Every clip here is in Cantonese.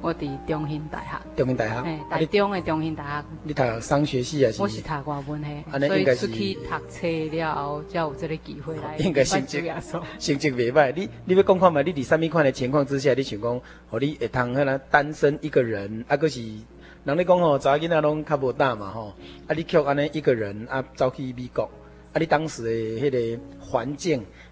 我佇中興大學，中興大學，啊、台中嘅中興大學。你讀商學系還是？我是讀外文嘿，啊、應該出去讀冊了後，才有這個機會來。啊、應該成績，成績未歹。你你要講看嘛？你佇蝦米款的情況之下，你想講，和你會當迄個單身一個人，啊、就，嗰是，人家。力講吼，查囡仔啊攏較無膽嘛吼、啊，啊，你叫安尼一個人啊，走去美國，啊，你當時誒迄個環境。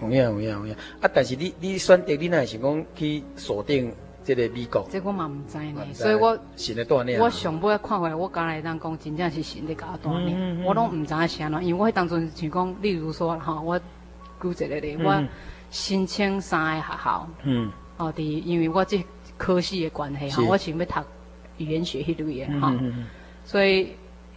同、嗯、樣，同、嗯、樣，同、嗯、樣。啊，但是你，你選擇你那是講去鎖定這個美國。這個我嘛唔知影，所以我，在啊、我想要看回來，我剛才人講真正是新的階段呢，我攏唔知阿啥啦，因為我當陣是講，例如說哈、哦，我舉一個例、嗯，我申請三個學校，嗯，哦，第，因為我即科系的關係，我想要讀語言學迄類嘅哈，所以。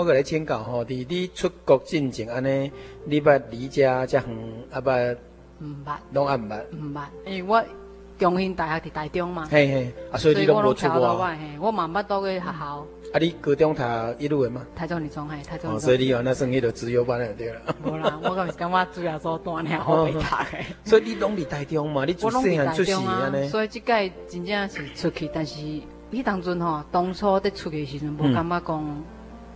我佮你請教吼，你你出國進前安尼，你八離家遮遠，阿八唔八攏阿唔八？唔八，因為我中興大學佇台中嘛。嘿嘿，所以你攏無出國。我媽慢倒去學校、嗯。啊，你高中讀一路的嗎？台中二中嘿，台中二中、哦。所以你啊，那生意就自由班了對，對，對，對，對，對，對，對啦。無啦，我講是講我主要做鍛鍊， 我袂讀的。 所以你攏佇台中嘛？你出省出省安尼。所以這個真正是出去，但是你當初吼，當初佇出去的時陣無 感覺講。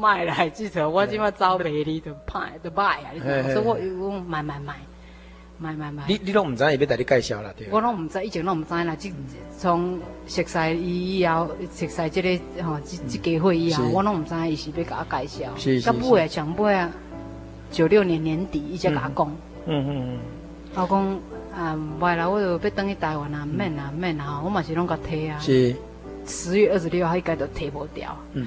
買來，至少我今物走給你就歹，就歹啊！所以我說我又講買買買，買買買。你你攏唔知道，伊要帶你介紹啦，對。我攏唔知道，以前攏唔知道啦。這從實習以後，實習這個吼、哦，這、嗯、這家會議啊，我攏唔知道，伊是要甲我介紹。是是。到尾啊，上尾啊。九六年年底，伊才甲我講。嗯嗯嗯。我、嗯、講、嗯、啊，買來我就要倒去台灣啊，免啊免啊，我嘛是攏甲退啊。是。十月二十六，還一度退無掉。嗯。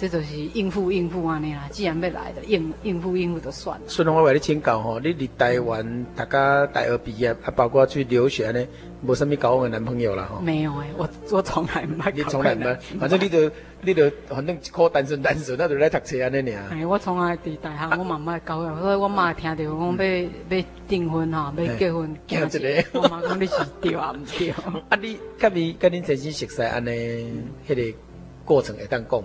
這就是應付應付安尼啦，既然要來的，應應付應付就算了。所以，我話你請教吼，你離台灣大家大學畢業，還包括去留學安尼，無啥物交往男朋友啦吼？沒有誒、欸，我我從來唔捌。你從來唔捌？反正你都你都反正一科單身單身，那就來讀書安尼爾。哎，我從來佇大漢，我媽慢交往。所以，我媽聽到講要要訂婚吼，要、嗯、結婚，驚、欸、個。我媽講你是對唔 對？啊，你甲你甲你曾經熟悉安尼，迄、嗯那個過程會當講無？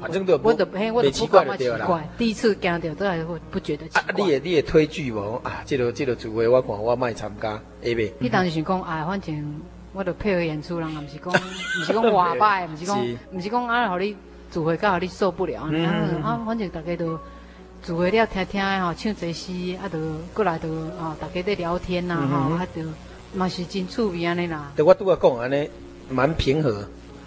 反正都不，我就我就不，沒奇怪的對啦，第一次聽到都還不不覺得奇怪。啊、你也你也推舉無啊？這個這個聚會我看我麥參加，會未、嗯。你當時想講哎，反正我都配合演出人，唔是講唔 是講話拜，唔是講唔是講啊，好你聚會教好你受不了。嗯嗯啊，反正大家都聚會了聽聽的吼，唱這些啊，就過來就啊，大家在聊天啊，吼、嗯，啊就嘛是真趣味安尼啦。對我對我講安尼，蠻平和。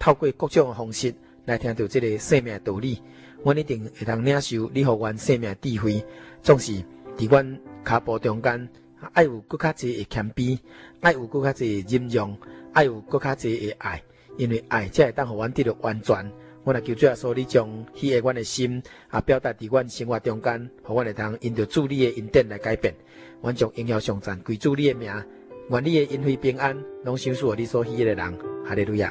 透過各種方式來聽到這個生命的道理，我一定會當領受你予我生命嘅智慧。總是佇我腳步中間，愛有更加多嘅謙卑，愛有更加多嘅忍讓，愛有更加多嘅愛。因為愛才會當予我得到完全。我來求主阿說，你將喜愛我嘅心也、啊、表達佇我的生活中間，予我會當因着主你嘅恩典來改變。我將榮耀上讚歸主你嘅名，願你嘅恩惠平安，攏收屬你所喜愛嘅人。哈利路亞。